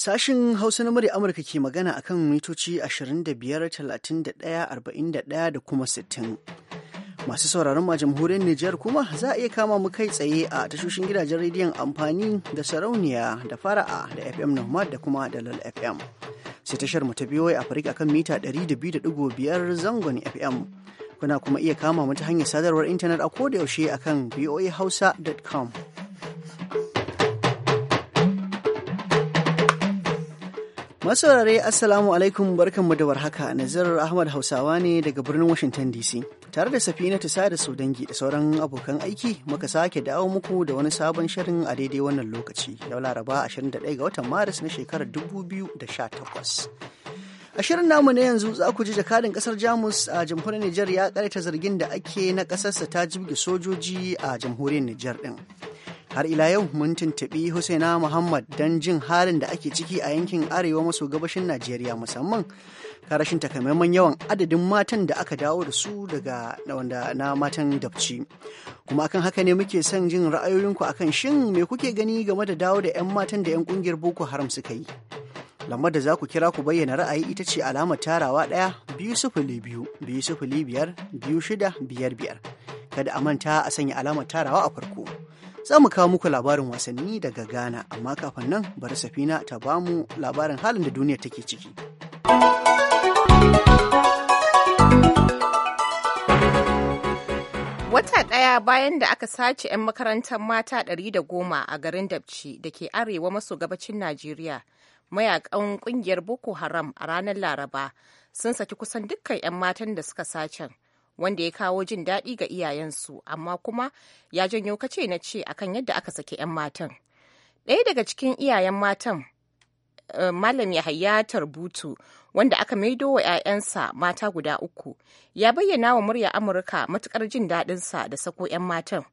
Sashin Hausa na murya Amurka ke magana akan mitoci 25,31,41 da kuma 60. Masu sauraron ma jamhuriyar Nijar kuma za a iya kama mu kai tsaye a tashoshin gidajen rediyon amfani da sarauniya da fara'a da FM Nomad da kuma Dalal FM. Sai tashar mu ta biyo a Afirka kan mita 200.5 zangon FM. Kuna kuma iya kama mu ta hanyar sadarwar intanet a ko da kodayaushe akan voahausa.com. Masaurare Assalamu alaikum barkanmu da warhaka Nazir Ahmad Hausawa ne daga birnin Washington DC tare da Safina Tusa da dangi da sauran abokan aiki muka sake dawo muku da wani sabon shirin a daidai wannan lokaci yau Laraba 21 ga watan Maris na shekarar 2018. A shirin namu na yanzu za ku ji jakadin kasar Jamus a jamhuriyar Nijar ya karanta zargin da ake na kasarsa ta jibge sojoji a jamhuriyar Nijar din. har ila yau mun tuntuɓi husaina muhammad don jin halin da ake ciki a yankin arewa maso gabashin najeriya musamman karashin takamaiman yawan adadin matan da aka dawo da su daga wanda na matan dabci kuma akan haka ne muke son jin ra'ayoyinku akan shin me kuke gani game da dawo da 'yan matan da 'yan kungiyar boko haram suka yi lambar da za ku kira ku bayyana ra'ayi ita ce alamar tarawa ɗaya biyu sifili biyu biyu sifili biyar biyu shida biyar biyar kada a manta a sanya alamar tarawa a farko za mu kawo muku labarin wasanni daga Ghana, amma kafin nan bari safina ta ba mu labarin halin da duniya take ciki. Wata ɗaya bayan da aka sace 'yan makarantar mata 110 a garin Dabci da ke arewa maso gabacin Najeriya, mayakan ƙungiyar Boko Haram a ranar Laraba sun saki kusan dukkan 'yan matan da suka sacen. wanda ya kawo jin daɗi ga iyayensu amma kuma ya janyo kace na ce akan yadda aka sake 'yan matan ɗaya daga cikin iyayen matan eh, malam yahaya tarbutu wanda aka maido wa 'ya'yansa mata guda uku ya bayyana wa murya amurka matukar jin daɗinsa da sako 'yan matan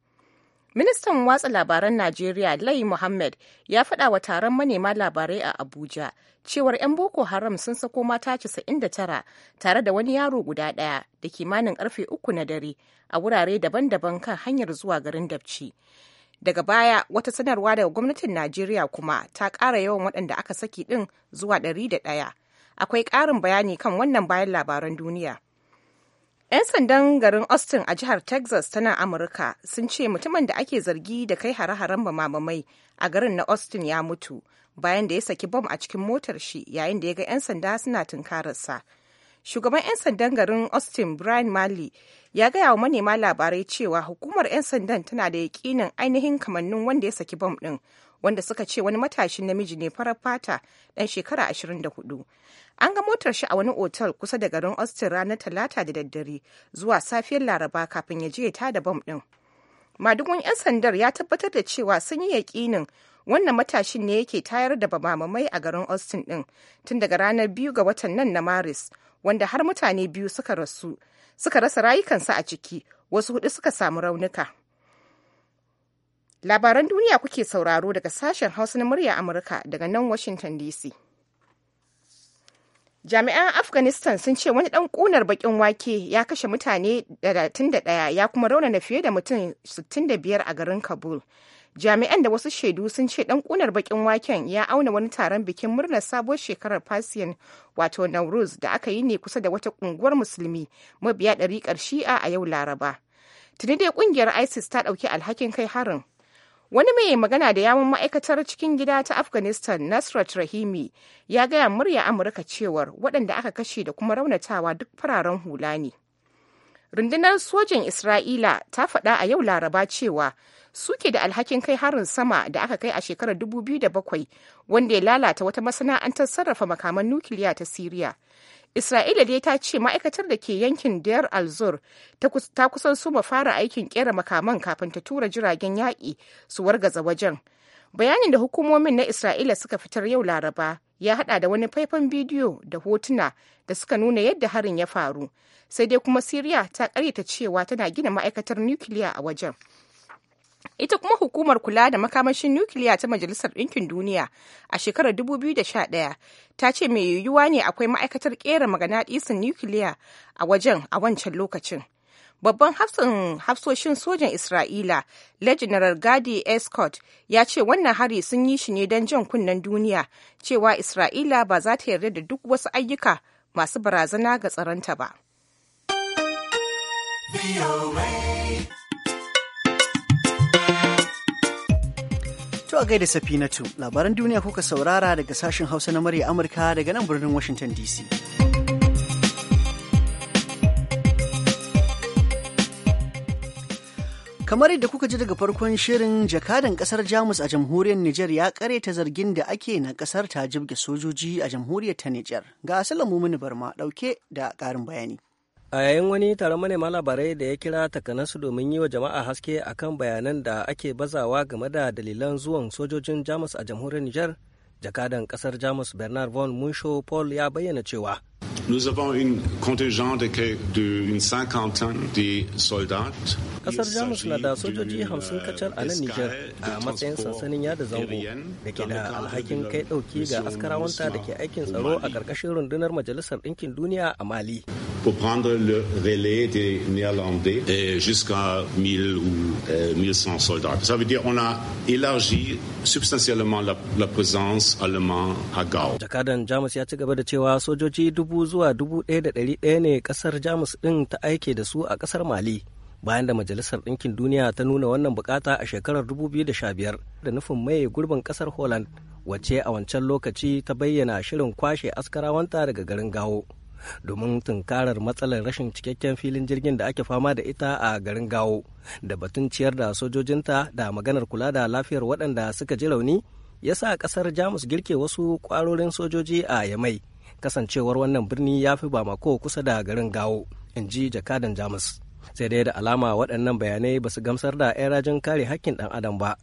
Ministan watsa labaran Najeriya Lai Muhammad ya faɗa wa taron manema labarai a Abuja cewar 'yan Boko Haram sun sako mata 99 tare da wani yaro guda ɗaya da kimanin ƙarfe uku na dare a wurare daban-daban kan hanyar zuwa garin Dabci. Daga baya wata sanarwa daga gwamnatin Najeriya kuma ta ƙara yawan waɗanda aka saki ɗin zuwa ɗari da ɗaya. Akwai ƙarin bayani kan wannan bayan labaran duniya. 'Yan sandan garin Austin a jihar Texas tana Amurka sun ce mutumin da ake zargi da kai hare-haren mamamai a garin na Austin ya mutu bayan da ya saki bom a cikin motar shi yayin da ya ga 'yan sanda suna tunkararsa. Shugaban 'yan sandan garin Austin Brian marley ya gaya wa manema labarai cewa hukumar 'yan sandan tana da yakinin ainihin kamannin wanda ya saki bom ɗin wanda suka ce wani matashin namiji ne farar fata ɗan shekara 24 An ga motar shi a wani otal kusa da garin Austin ranar Talata da daddare zuwa safiyar Laraba kafin ya je ya da bom ɗin. Madugun 'yan sandar ya tabbatar da cewa sun yi yaƙinin wannan matashin ne yake tayar da bamamai a garin Austin ɗin tun daga ranar biyu ga watan nan na Maris, wanda har mutane biyu suka rasu, suka rasa rayukansu a ciki, wasu hudu suka samu raunuka. Labaran duniya kuke sauraro daga sashen Hausa na murya Amurka daga nan Washington DC. jami'an afghanistan sun ce wani dan kunar bakin wake ya kashe mutane 31 ya kuma raunana fiye da mutum 65 a garin kabul jami'an da wasu shaidu sun ce dan kunar bakin waken ya auna wani taron bikin murnar sabuwar shekarar fasiyan wato nauruz da aka yi ne kusa da wata ƙunguwar musulmi mabiya dariƙar shi'a a yau laraba tuni dai kungiyar isis ta ɗauki alhakin kai harin Wani mai magana da yawun ma'aikatar cikin gida ta Afghanistan Nasrat Rahimi ya gaya murya Amurka cewar waɗanda aka kashe da kuma raunatawa duk fararen hula ne. Rundunar sojin Isra'ila ta faɗa a yau Laraba cewa suke da alhakin kai harin sama da aka kai a shekarar 2007 wanda ya lalata wata masana'antar sarrafa makaman nukiliya ta Siriya Isra'ila dai ta ce ma'aikatar da ke yankin diyar alzur ta kusan suma fara aikin kera makaman kafin ta tura jiragen yaƙi su wargaza wajen. Bayanin da hukumomin na Isra'ila suka fitar yau Laraba ya hada da wani faifan bidiyo da hotuna da suka nuna yadda harin ya faru. Sai dai kuma Siriya ta karyata cewa tana gina ma'aikatar nukiliya a wajen. Ita kuma hukumar kula da makamashin nukiliya ta Majalisar Ɗinkin Duniya a shekarar 2011 ta ce mai yiwuwa ne akwai ma'aikatar ƙera maganaɗisin nukiliya a wajen a wancan lokacin. Babban hafsan hafsoshin sojan Isra'ila, General Gadi Escott, ya ce wannan hari sun yi shi ne don jan kunnen duniya cewa Isra'ila ba za ta yarda da duk wasu ayyuka masu barazana ga tsaronta ba. a gaida Safinatu, labaran duniya kuka saurara daga sashen Hausa na murya Amurka daga nan birnin Washington DC. Kamar yadda kuka ji daga farkon shirin jakadan kasar Jamus a jamhuriyar Nijar ya kare ta zargin da ake na kasar ta jibge sojoji a jamhuriyar ta Nijar. Ga asalin mumini barma dauke da karin bayani. a yayin wani taron manema labarai da ya kira takanasu domin yi wa jama'a haske akan bayanan da ake bazawa game da dalilan zuwan sojojin jamus a jamhuriyar nijar jakadan kasar jamus bernard von munsho paul ya bayyana cewa Nous avons une contingent de une cinquantaine de soldats. Kasar Jamus na da sojoji hamsin kacal a euh, nan Nijar a matsayin sansanin yada zango da ke da alhakin kai ɗauki ga askarawanta da ke aikin tsaro a ƙarƙashin rundunar Majalisar Ɗinkin Duniya a Mali. pour prendre le relais des Néerlandais jusqu'à 1000 ou 1100 euh, soldats. Ça veut dire qu'on a élargi substantiellement la, la présence allemande à Gao. Jakadan Jamus ya ci gaba da cewa sojoji dubu zuwa dubu ɗaya da ɗari ɗaya ne ƙasar Jamus ɗin ta aike da su a ƙasar Mali. bayan da Majalisar Ɗinkin Duniya ta nuna wannan bukata a shekarar 2015 da nufin mai gurbin ƙasar Holland wacce a wancan lokaci ta bayyana shirin kwashe askarawanta daga garin Gawo. domin tunkarar matsalar rashin cikakken filin jirgin da ake fama da ita a garin gawo da batun ciyar da sojojinta da maganar kula da lafiyar waɗanda suka ji rauni ya sa ƙasar jamus girke wasu ƙwarorin sojoji a yamai kasancewar wannan birni ya fi bamako kusa da garin gawo in ji jakadan jamus sai dai da alama waɗannan bayanai ba su gamsar da 'yan rajin kare hakkin ɗan adam ba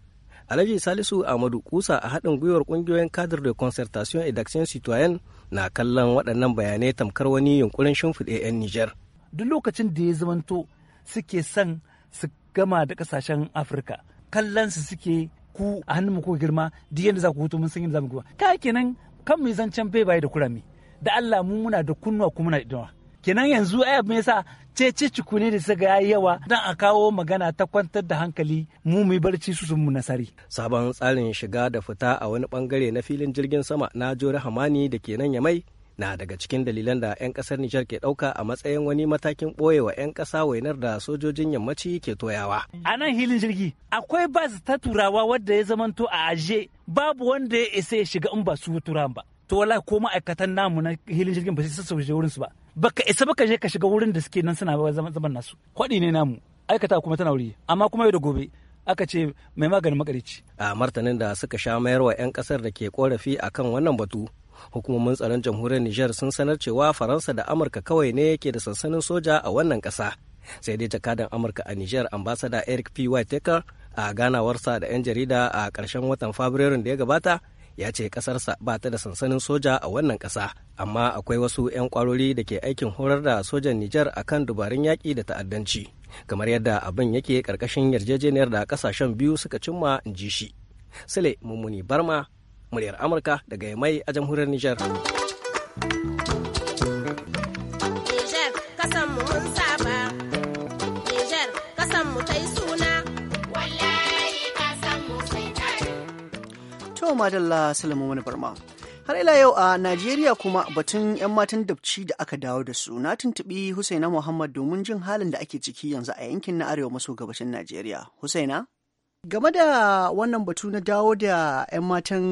Alhaji Salisu Ahmadu Kusa a haɗin gwiwar ƙungiyoyin kadir de Concertation et d'Action citoyen na kallon waɗannan bayanai tamkar wani yunkurin shimfiɗe 'yan Nijar. Duk lokacin da ya zamanto suke son su gama da ƙasashen Afirka, kallon su suke ku a hannun ko girma duk yadda za ku hutu mun san yadda za mu girma. Ka kenan kan mu zancen bai bai da kurami. Da Allah mu muna da kunnuwa kuma muna da kenan yanzu ai abin yasa ce ce ne da suka yayi yawa dan a kawo magana ta kwantar da hankali mu mu barci su sun mu nasari sabon tsarin shiga da fita a wani bangare na filin jirgin sama na jori hamani da kenan ya mai na daga cikin dalilan da 'yan kasar Nijar ke ɗauka a matsayin wani matakin ɓoyewa 'yan ƙasa wainar da sojojin yammaci ke toyawa. A nan hilin jirgi akwai bas ta turawa wadda ya zamanto a aje babu wanda ya isa ya shiga in ba su turan ba. to wallahi ko ma'aikatan namu na hilin jirgin ba sai su je wurin su ba baka isa baka je ka shiga wurin da suke nan suna zaman nasu kwaɗi ne namu aikata kuma tana wuri amma kuma yau da gobe aka ce mai maganin makarici a martanin da suka sha mayar wa 'yan kasar da ke korafi akan wannan batu hukumomin tsaron jamhuriyar niger sun sanar cewa faransa da amurka kawai ne ke da sansanin soja a wannan kasa sai dai jakadan amurka a nijar ambasada eric p whitaker a ganawarsa da 'yan jarida a karshen watan fabrairun da ya gabata ya ce ƙasarsa ba ta da sansanin soja a wannan ƙasa amma akwai wasu 'yan kwarori da ke aikin horar da sojan Nijar a kan dubarun yaƙi da ta'addanci kamar yadda abin yake ƙarƙashin yarjejeniyar da ƙasashen biyu suka cimma in ji shi. sile Mummuni Barma, muryar Amurka daga Yamai a jamhuriyar Nijar. To madalla Salamu wani barma. Har ila yau a Najeriya kuma batun 'yan matan dabci da aka dawo da su na tuntuɓi Husaina Muhammad domin jin halin da ake ciki yanzu a yankin na arewa maso gabashin Najeriya. Husaina? Game da wannan batu na dawo da 'yan matan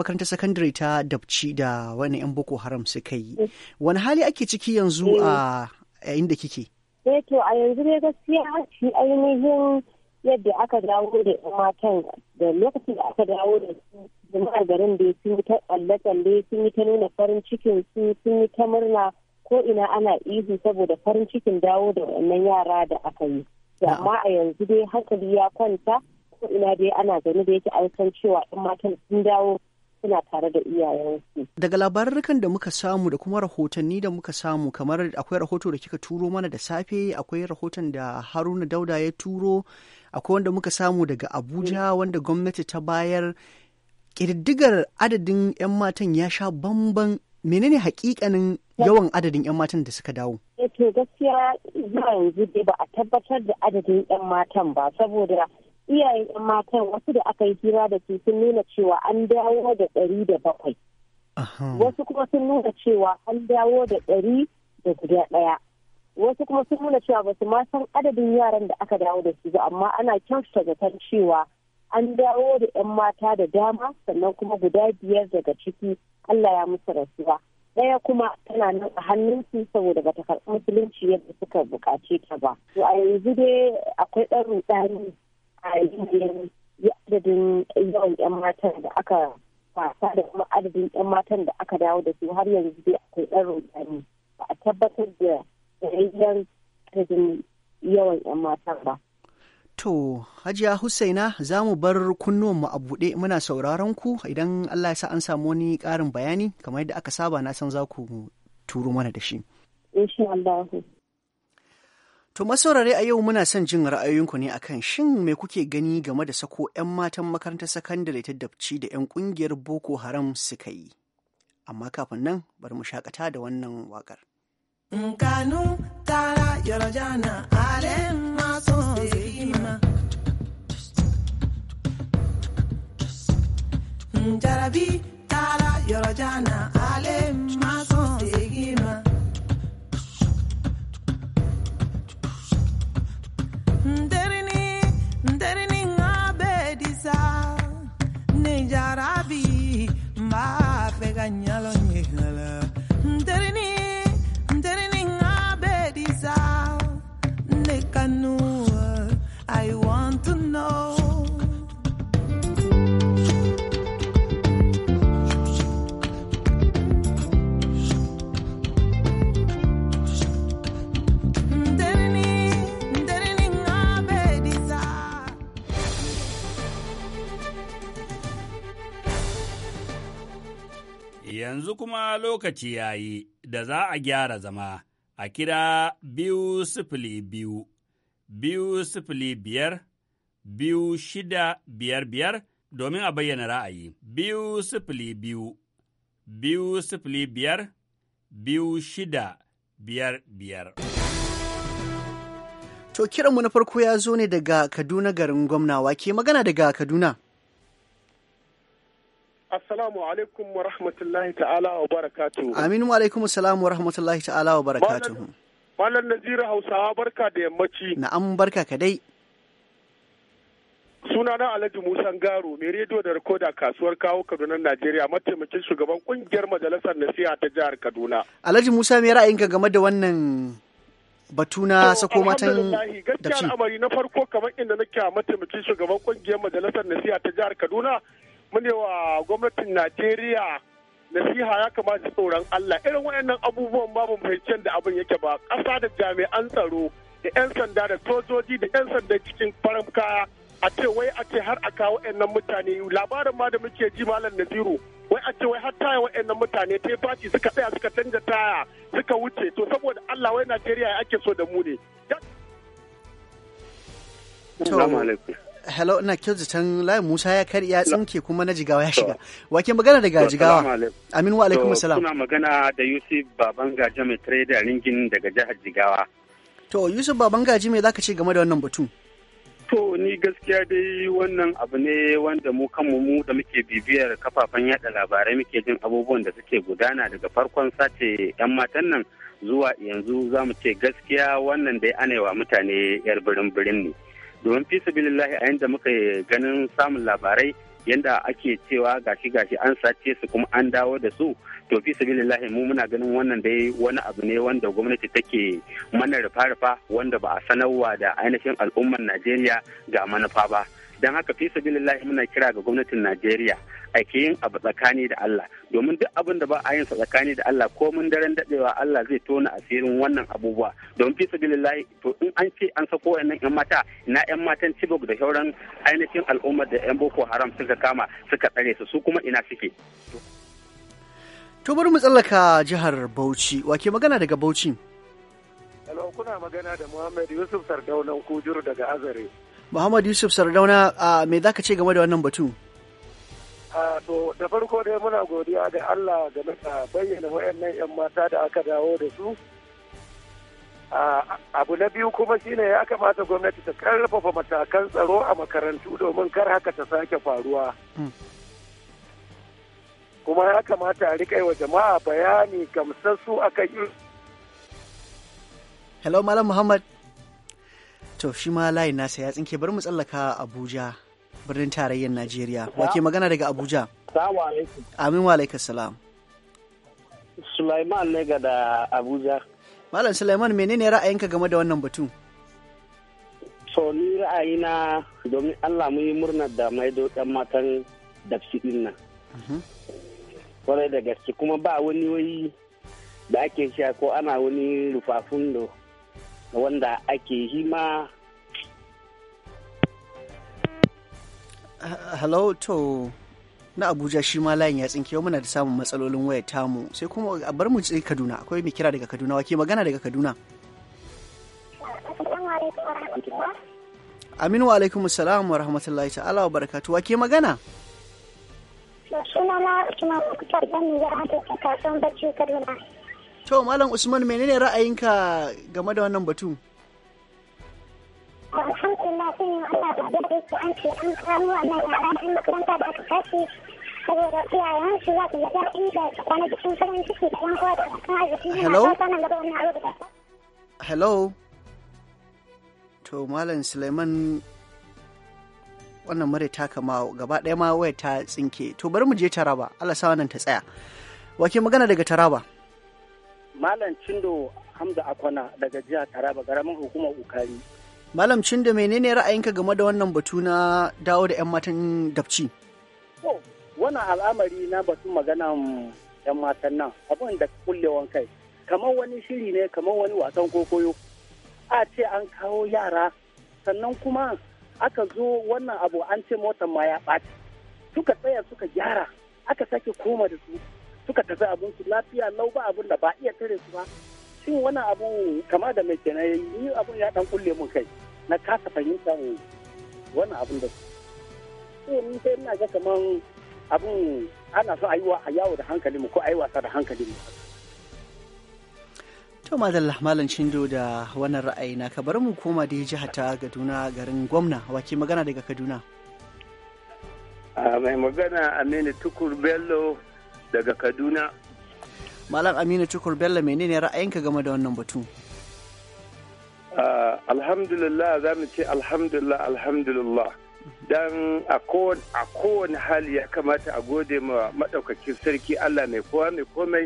makarantar sakandare ta dabci da wani 'yan Boko Haram suka yi, eh. wani hali ake ciki yanzu eh. a inda kike? Eh, a yanzu ne gaskiya shi ainihin yadda aka dawo da yan matan da lokacin da aka dawo da su jama'ar garin da sun yi ta tsalle-tsalle sun yi ta nuna farin cikin su sun yi ta murna ko ina ana ihu saboda farin cikin dawo da wannan yara da aka yi amma a yanzu dai hankali ya kwanta ko ina dai ana gani da yake an san cewa yan matan sun dawo suna tare da iyayensu. Daga labarukan da muka samu da kuma rahotanni da muka samu kamar akwai rahoto da kika turo mana da safe akwai rahoton da Haruna Dauda ya turo akwai wanda muka samu daga Abuja mm. wanda gwamnati ta bayar kididdigar adadin 'yan matan ya sha bamban menene hakikanin yawan adadin 'yan matan da suka dawo? Eh, to gaskiya zuwa yanzu dai ba a tabbatar da adadin 'yan matan ba saboda iyayen yan matan wasu da aka yi hira da su sun nuna cewa an dawo da ɗari da bakwai wasu kuma sun nuna cewa an dawo da ɗari da guda ɗaya wasu kuma sun nuna cewa ba su ma san adadin yaran da aka dawo da su ba amma ana kyautata zaton cewa an dawo da 'yan mata da dama sannan kuma guda biyar daga ciki Allah ya musu rasuwa ɗaya kuma tana nan a hannunsu saboda bata karɓi musulunci yadda suka buƙace ta ba to a yanzu dai akwai ɗan rudani a yanayin adadin yawan 'yan matan da aka fasa da kuma adadin 'yan matan da aka dawo da su har yanzu dai akwai ɗan rudani ba a tabbatar da yanayin adadin yawan 'yan matan ba. To, Hajiya Husaina za mu bar kunnuwan mu a buɗe muna sauraron ku idan Allah ya sa an samu wani ƙarin bayani kamar yadda aka saba na san za ku turo mana da shi. Insha To masaurare a yau muna son jin ra'ayoyinku ne akan shin me kuke gani game da sako 'yan matan makarantar sakandare ta dabci da 'yan kungiyar Boko Haram suka yi. Amma kafin nan bari mu shakata da wannan wakar. Nkanu tara yarjana tara kuma lokaci ya yi da za a gyara zama a kira biyu sifili biyu, biyu sifili biyar, biyu shida biyar biyar domin a bayyana ra'ayi. Biyu sifili biyu, biyu sifili biyar, biyu shida biyar biyar. To kiranmu na farko ya zo ne daga Kaduna garin gwamnawa ke magana daga Kaduna. Assalamu alaikum wa rahmatullahi ta'ala wa barakatu. Aminu wa alaikum assalamu wa rahmatullahi ta'ala wa barakatu. Malam Naziru Hausawa barka da yammaci. Na'am barka ka dai. na Alhaji Musa Garo, mai rediyo da rikoda kasuwar kawo Kaduna Najeriya, mataimakin shugaban kungiyar majalisar nasiha ta jihar Kaduna. Alhaji Musa me ra'ayinka game da wannan batu na sako matan da Gaskiyar amari na farko kamar inda nake mataimakin shugaban kungiyar majalisar nasiha ta jihar Kaduna munewa gwamnatin Najeriya nasiha ya kamata tsoron Allah irin waɗannan abubuwan babu fahimciyar da abin yake ba ƙasa da jami'an tsaro da 'yan sanda da sojoji da 'yan sanda cikin farin kaya a ce wai a ce har a kawo waɗannan mutane labarin ma da muke ji malam Naziru wai a ce wai har taya waɗannan mutane ta faci suka tsaya suka canja taya suka wuce to saboda Allah wai Najeriya ake so da mu ne. hello ina can layin Musa ya kar ya tsinke kuma na jigawa ya shiga. Wake magana daga jigawa. Amin wa alaikum salam. Kuna magana da Yusuf Baban gaji mai trader ringin daga jihar Jigawa. To Yusuf Baban Gaji mai zaka ce game da wannan batu? To ni gaskiya dai wannan abu ne wanda mu kanmu mu da muke bibiyar kafafen yada labarai muke jin abubuwan da suke gudana daga farkon sace 'yan matan nan zuwa yanzu za mu ce gaskiya wannan dai anewa mutane 'yar birin birin ne. domin fi sabilillahi a yanda muka ganin samun labarai yanda ake cewa gashi gashi an sace su kuma an dawo da su to fi sabilillahi mu muna ganin wannan dai wani abu ne wanda gwamnati take mana rufa-rufa wanda ba a sanarwa da ainihin al'ummar Najeriya ga manufa ba don haka fi sabilillahi muna kira ga gwamnatin Najeriya ake yin abu tsakani da Allah domin duk abin da ba a yin sa tsakani da Allah ko mun daren dadewa Allah zai tona asirin wannan abubuwa don fi sabilillahi to in an ce an sako wayannan yan mata na yan matan Chibok da shauran ainihin al'ummar da yan Boko Haram suka kama suka tsare su su kuma ina suke to bari mu tsallaka jihar Bauchi wake magana daga Bauchi kuna magana da Muhammad Yusuf Sardaunau Kujuru daga Azare. Muhammad Yusuf Sardauna a me za ka ce game da wannan batu? To da farko dai muna godiya da Allah game da bayyana wayannan 'yan mata da aka dawo da su. Abu na biyu kuma shine ya kamata gwamnati ta karfafa matakan tsaro a makarantu domin kar haka ta sake faruwa. Hmm. Kuma ya kamata a riƙa wa jama'a bayani gamsassu akan Hello Malam Muhammad. to shi ma layin nasa ya tsinke bari mu tsallaka abuja birnin tarayyar najeriya wake magana daga abuja amin wa alaikas salam sulaiman ne ga da abuja malam sulaiman menene ra'ayinka game da wannan batu to ni na domin allah mu yi murnar da maido dan matan dafsi din nan mhm. kwarai da gaske kuma ba wani wai da ake sha ko ana wani rufafun da wanda ake yi ma ah, ah, hello to na abuja shi ma layin ya tsinke muna da samun matsalolin waya tamu sai kuma a bar mu tsaye kaduna akwai mai kira daga kaduna wake magana daga kaduna aminu wa alaikum salam wa rahmatullahi ta'ala wa barakatu wake magana suna na usman muktar dan ya hada kasuwan bacci kaduna To Malam Usman menene ra'ayinka game da wannan batu? Alhamdulillah da wannan makaranta da aka za su Hello? To Malam Suleiman wannan mare ta kama gaba ɗaya ma waya ta tsinke to bari mu je taraba Allah sa wannan ta tsaya wake magana daga taraba Malam Cindo Hamza Akwana daga jihar Taraba garamin hukumar Ukari. Malam Cindo menene ra'ayinka game da wannan batu na dawo da 'yan matan dabci? Ko! wannan al'amari na batun magana 'yan matan nan abin da kullewan kai. Kamar wani shiri ne, kamar wani wasan kokoyo. A ce an kawo yara, sannan kuma aka zo wannan abu an ce motar ma ya ɓaci. Suka tsaya suka gyara, aka sake koma da su. suka tafi abin su lafiya lau ba abin da ba iya tare su ba shin wani abu kama da mai kenan ni abin ya dan kulle mun kai na kasa fahimtar wani abun da sai ni sai ina ga kaman abun ana so ayuwa a yawo da hankali mu ko ai wasa da hankali mu to madalla malam shindo da wannan ra'ayi na ka bari mu koma da jiha ta Kaduna garin gwamna wake magana daga Kaduna a ah, mai magana Aminu Tukur Bello daga kaduna malam aminu cukur bello menene ra'ayinka game da wannan batu ah, alhamdulillah za mu ce alhamdulillah alhamdulillah don a kowane hali ya kamata a gode ma maɗaukakin sarki allah mai kowa mai komai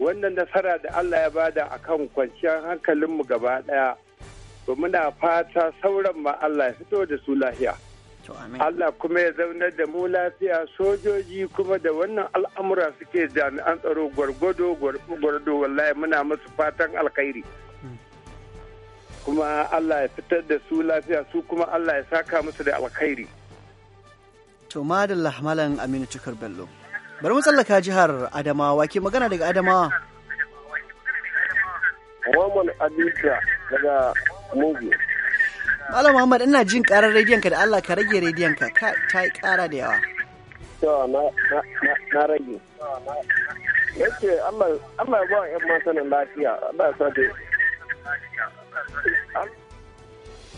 wannan nasara da allah ya bada a kan kwanciyar hankalinmu gaba ɗaya muna fata sauran ma allah ya fito da su lahiya Allah kuma ya zaunar da mu lafiya sojoji kuma da wannan al'amura suke jami'an tsaro gwargwado gwargwado wallahi muna musu fatan alkhairi. Hmm. Kuma Allah ya fitar da su lafiya su kuma Allah ya saka musu da alkhairi. To madalla malam Aminu Cikar Bello. Bari mu tsallaka jihar Adamawa ke magana daga Adamawa. Waman Adija daga Mugu. Malam Muhammad ina jin karar rediyon ka da Allah ka rage rediyon ka ta yi kara da yawa. To na rage. Yace Allah Allah ya ba 'yan matanin lafiya Allah ya sa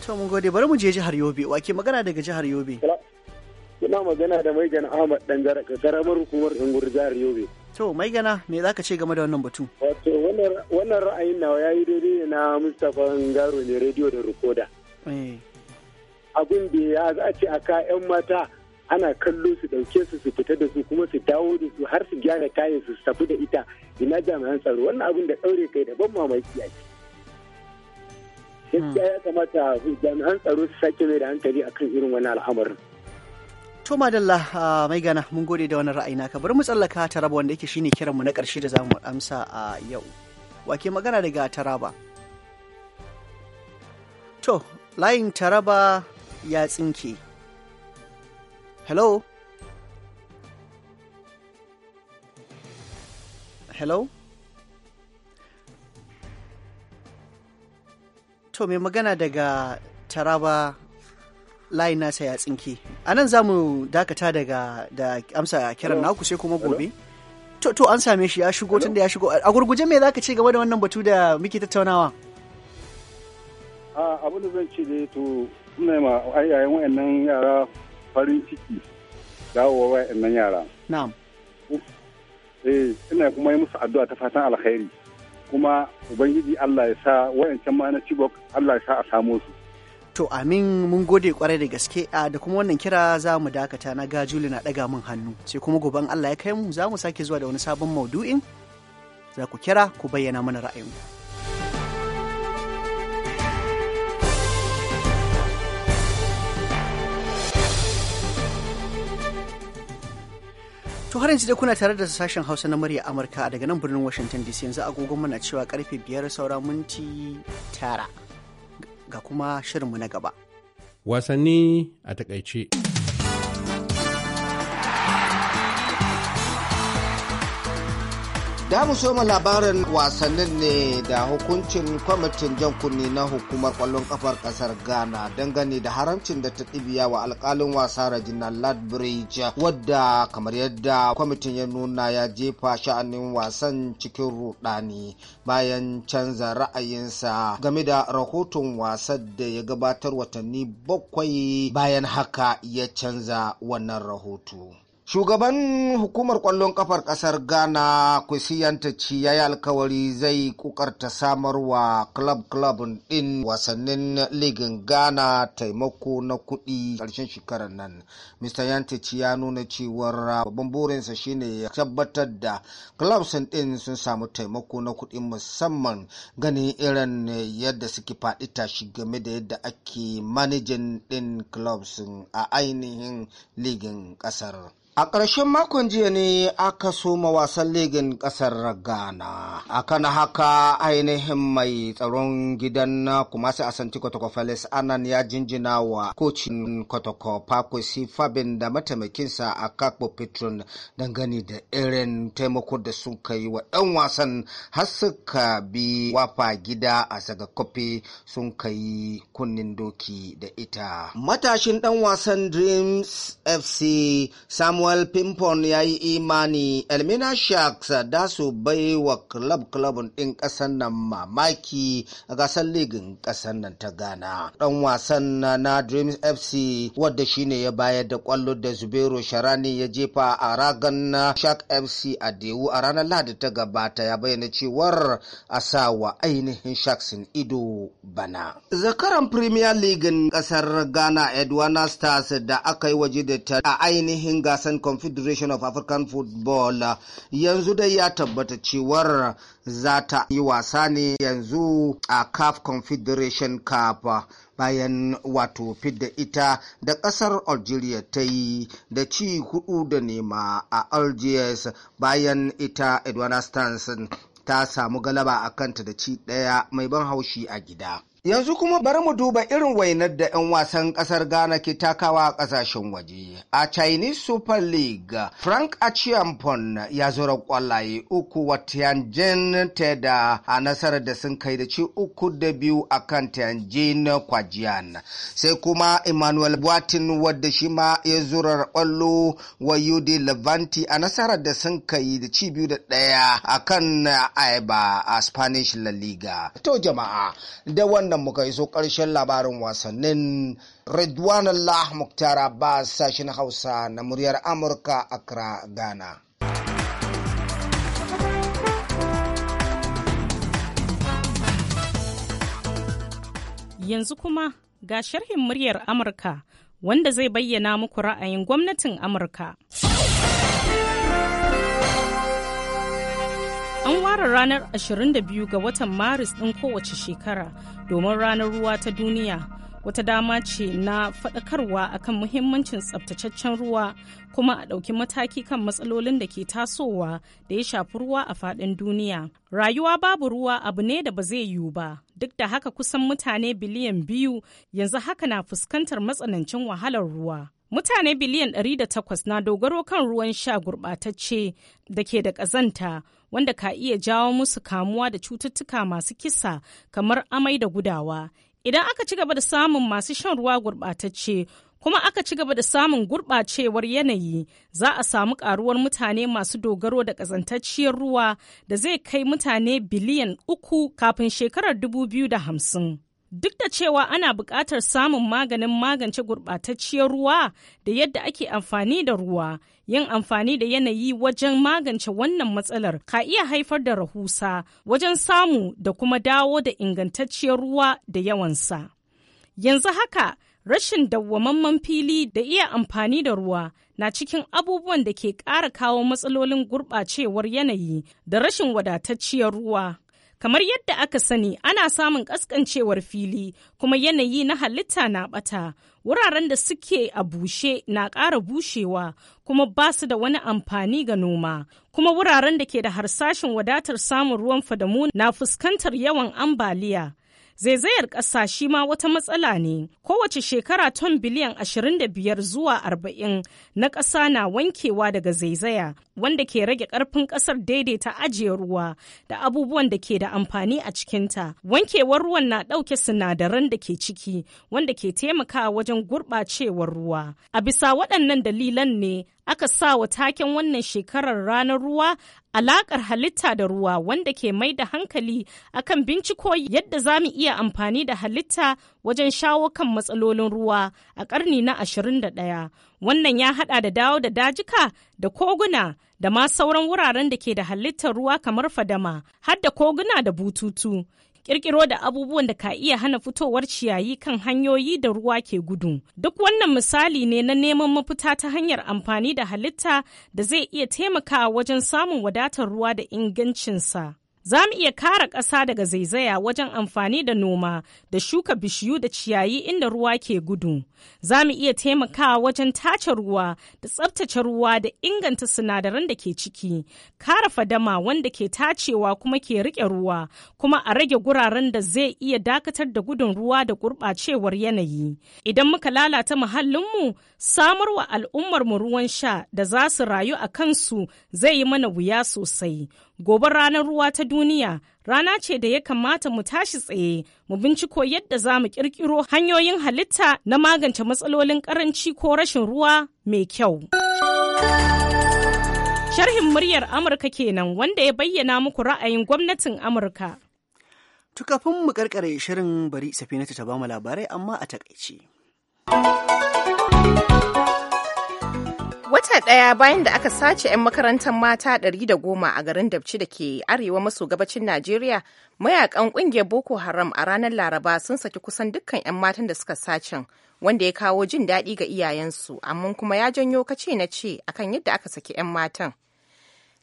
To mun gode bari mu je jihar Yobe wake magana daga jihar Yobe. Ina magana da Maigana Ahmad garaka karamar hukumar Ingur jihar Yobe. To Maigana me zaka ce game da wannan batu? Wato wannan ra'ayin nawa yayi daidai na Mustapha Ngaro ne rediyo da rikoda. Eh. abin da ya za ce a 'yan mata ana kallo su dauke su su fita da su kuma su dawo da su har su gyara kayan su tafi da ita ina jami'an tsaro wannan abin da daure kai da ban mamaki ake gaskiya ya kamata jami'an tsaro su sake mai da hankali akan irin wani al'amarin to madalla ah, mai gana mun gode da wani ra'ayi naka bari mu tsallaka taraba wanda yake shine mu na ƙarshe da zamu amsa a yau wake magana daga taraba to layin taraba ya tsinke hello hello to mai magana daga taraba layin nasa ya tsinke a nan za mu dakata daga da amsa kiran naku sai kuma gobe to an same shi ya shigo tun da ya shigo a gurguje me za ka ce game da wannan batu da muke tattaunawa abin da zan ce dai to suna ma ayayen wayannan yara farin ciki dawowa wayannan yara na'am eh ina kuma yi musu addu'a ta fatan alkhairi kuma ubangiji Allah ya sa wayancan ma na Chibok Allah ya sa a samo su to amin mun gode kwarai da gaske a da kuma wannan kira za mu dakata na ga Juli na daga mun hannu sai kuma gobe Allah ya kai mu za mu sake zuwa da wani sabon maudu'in za ku kira ku bayyana mana ra'ayinku To har yanzu dai kuna tare da sashen Hausa na murya Amurka daga nan birnin Washington DC yanzu agogon mana cewa karfe biyar saura minti tara ga kuma shirinmu na gaba. Wasanni a takaice. Da mu soma labarin wasannin ne da hukuncin kwamitin jan kunni na hukumar kwallon kafar kasar Ghana dangane da haramcin da ta ɗibiya wa alkalin wasa Reginald Ladbridge wadda kamar yadda kwamitin ya nuna ya jefa sha'anin wasan cikin rudani bayan canza ra'ayinsa game da rahoton wasan da ya gabatar watanni bakwai bayan haka ya canza wannan rahoto. Shugaban hukumar kwallon kafar kasar Ghana Kwesiyantaci ya yi alkawari zai kukarta samarwa club club din wasannin ligin Ghana taimako na kuɗi ƙarshen shekarar nan. Mr. Yantaci ya nuna cewar uh, babban burinsa shine ya tabbatar da club din sun samu taimako na kuɗi musamman ganin irin yadda suke faɗi tashi game da yadda ake manajin din club a ainihin ligin kasar. A ƙarshen makon jiya ne aka soma wasan ligin ƙasar Ghana. Akan haka ainihin mai tsaron gidan na Kumasi Asanti Kotoko Felis Anan ya jinjina wa kocin Kotoko si Fabin da mataimakinsa a Kakpo Petron dangane da irin taimako da suka yi wa ɗan wasan har suka bi wafa gida a saga kofi sun kai kunnin doki da ita. Matashin ɗan wasan Dreams FC Samuel Samuel Pimpon ya yi imani Elmina Sharks da su bai wa club club ɗin ƙasar nan mamaki a gasar ligin ƙasar nan ta Ghana. Ɗan wasan na Dreams FC wadda shine ya bayar da kwallo da Zubero Sharani ya jefa a ragan Shark FC a Dewu a ranar Ladi ta gabata ya bayyana cewar a sa wa ainihin Sharks ido bana. Zakaran Premier League ƙasar Ghana Edwana Stars da aka yi waje da ta a ainihin gasar Confederation of African Football uh, yanzu dai ya tabbata cewar za ta yi wasa ne yanzu a CAF Confederation Cup uh, bayan wato fidda ita da kasar algeria ta yi da ci hudu da nema a algiers bayan ita edwana stanson ta samu galaba a kanta da ci daya mai ban haushi a gida Yanzu kuma bari mu duba irin wainar da 'yan wasan ƙasar Ghana ke takawa a ƙasashen waje. A Chinese Super League, Frank Achiampon ya zura ƙwallaye uku wa Tianjin Teda a nasarar da sun kai da ci uku da biyu a kan Tianjin Kwajian. Sai kuma Emmanuel Boatin wadda shi ma ya zura ƙwallo wa UD Levanti a nasarar da sun kai da ci biyu da ɗaya a kan Aiba a Spanish La Liga. To jama'a, da wannan nan muka iso ƙarshen labarin wasannin Redwan Allah Muktar Abbas sashen Hausa na muryar Amurka Accra Ghana. Yanzu kuma ga sharhin muryar Amurka wanda zai bayyana muku ra'ayin gwamnatin Amurka. An ware ranar 22 ga watan Maris ɗin kowace shekara domin ranar ruwa ta duniya. Wata dama ce na faɗakarwa akan muhimmancin tsabtataccen ruwa kuma a ɗauki mataki kan matsalolin da ke tasowa da ya shafi ruwa a faɗin duniya. Rayuwa babu ruwa abu ne da ba zai yiwu ba, duk da haka kusan mutane biliyan biyu yanzu haka na fuskantar matsanancin wahalar ruwa. Mutane biliyan 108 na dogaro kan ruwan sha gurɓatacce da ke da ƙazanta wanda ka iya jawo musu kamuwa da cututtuka masu kisa kamar amai da gudawa. Idan aka ci gaba da samun masu shan ruwa gurɓatacce kuma aka ci gaba da samun gurɓacewar yanayi za a samu ƙaruwar mutane masu dogaro da ƙazantacciyar ruwa da zai kai mutane biliyan uku kafin shekarar 2050. Duk da cewa ana buƙatar samun maganin magance gurɓatacciyar ruwa da yadda ake amfani da ruwa, yin amfani da yanayi wajen magance wannan matsalar ka iya haifar da rahusa wajen samu da kuma dawo da ingantacciyar ruwa da yawansa. Yanzu haka, rashin dawwamamman fili da iya amfani da ruwa na cikin abubuwan da ke ƙara kawo matsalolin gurɓacewar yanayi da rashin wadatacciyar ruwa. Kamar yadda aka sani ana samun ƙasƙancewar fili kuma yanayi na halitta na ɓata, wuraren da suke a bushe na ƙara bushewa kuma ba su da wani amfani ga noma, kuma wuraren da ke da harsashin wadatar samun ruwan fadamu na fuskantar yawan ambaliya. zaizayar ƙasa shi ma wata matsala ne kowace shekara ton biliyan 25 zuwa 40 na ƙasa na wankewa daga zaizaya wanda ke rage ƙarfin ƙasar daidaita ajiye ruwa da abubuwan da ke da amfani a cikinta wankewar ruwan na ɗauke sinadaran da ke ciki wanda ke taimakawa wajen gurɓacewar ruwa a bisa waɗannan dalilan ne aka sa wa taken wannan shekarar ranar ruwa alaƙar halitta da ruwa wanda ke mai da hankali akan binciko yadda za mu iya amfani da halitta wajen shawo kan matsalolin ruwa a ƙarni na 21 wannan ya haɗa da dawo da dajika da koguna da ma sauran wuraren da ke da halittar ruwa kamar fadama har da koguna da bututu kirkiro da abubuwan da ka iya hana fitowar ciyayi kan hanyoyi da ruwa ke gudu. Duk wannan misali ne na neman mafita ta hanyar amfani da halitta da zai iya taimakawa wajen samun wadatar ruwa da ingancinsa. Za mu iya kare ƙasa daga zaizaya wajen amfani da noma da shuka bishiyu da ciyayi inda ruwa ke gudu. Za mu iya taimakawa wajen tace ruwa da tsabtace ruwa da inganta sinadaran da ke ciki, kara fadama wanda ke tacewa kuma ke riƙe ruwa, kuma a rage guraren da zai iya dakatar da gudun ruwa da gurɓacewar yanayi. Idan muka lalata muhallinmu, samar wa mu ruwan sha da za su rayu a kansu zai yi mana wuya sosai. Gobe ranar ruwa ta duniya rana ce da ya kamata mu tashi tsaye mu binciko yadda za mu kirkiro hanyoyin halitta na magance matsalolin karanci ko rashin ruwa mai kyau. Sharhin muryar Amurka kenan wanda ya bayyana muku ra'ayin gwamnatin Amurka. Tukafin mu karkare shirin bari safinata ta bamu labarai amma a takaici. Wata ɗaya bayan da aka sace 'yan makarantar mata 110 a garin Dabci da ke arewa maso gabacin Najeriya, mayakan ƙungiyar Boko Haram a ranar Laraba sun saki kusan dukkan 'yan matan da suka sacen, wanda ya kawo jin daɗi ga iyayensu, amma kuma ya janyo kace na ce akan yadda aka saki 'yan matan.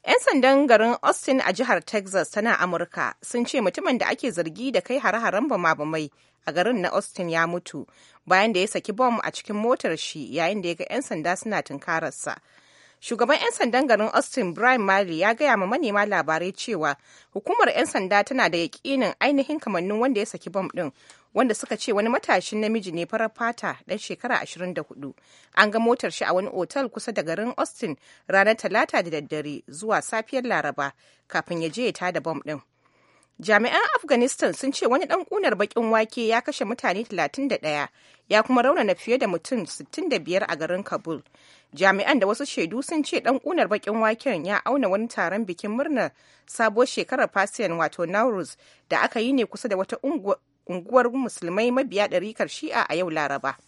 'Yan sandan garin Austin a jihar Texas tana Amurka sun ce mutumin da ake zargi da kai hare-haren bama-bamai a garin na Austin ya mutu bayan da ya saki bom a cikin motar shi yayin da ya ga 'yan sanda suna tunkararsa. Shugaban 'yan sandan garin Austin Brian marley ya gaya ma manema labarai cewa hukumar 'yan sanda tana da yaƙinin ainihin kamannin wanda ya saki bom ɗin wanda suka ce wani matashin namiji ne farar fata dan shekara 24 an ga motar shi a wani otal kusa da garin austin ranar talata da daddare zuwa safiyar laraba kafin ya je ya tada bom ɗin. jami'an afghanistan sun ce wani ɗan kunar bakin wake ya kashe mutane 31 ya kuma raunana fiye da mutum 65 a garin kabul jami'an da wasu shaidu sun ce ɗan kunar bakin waken ya auna wani taron bikin murnar sabuwar shekarar fasiyan wato nauruz da aka yi ne kusa da wata unguwar musulmai mabiya ɗarikar shi'a a yau laraba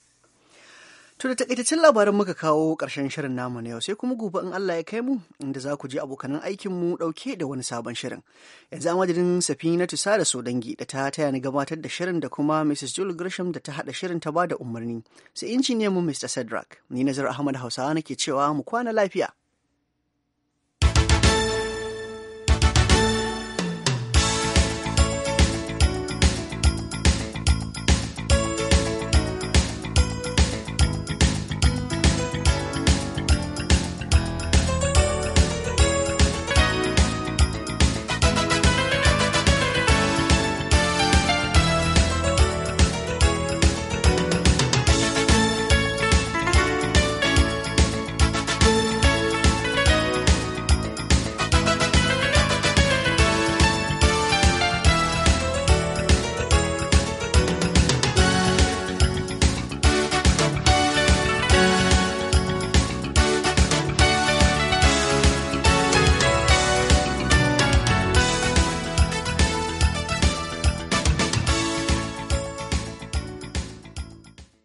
To da takaitaccen labarin muka kawo ƙarshen shirin namu na yau sai kuma gobe in Allah ya kai mu inda za ku je abokanan mu ɗauke da wani sabon shirin. Yanzu a madadin Safina Tusa da dangi da ta taya ni gabatar da shirin da kuma Mrs. Jill Gresham da ta haɗa shirin ta ba da umarni. Sai injiniyan mu Mr. Cedric. Ni nazar Ahmad Hausawa nake cewa mu kwana lafiya.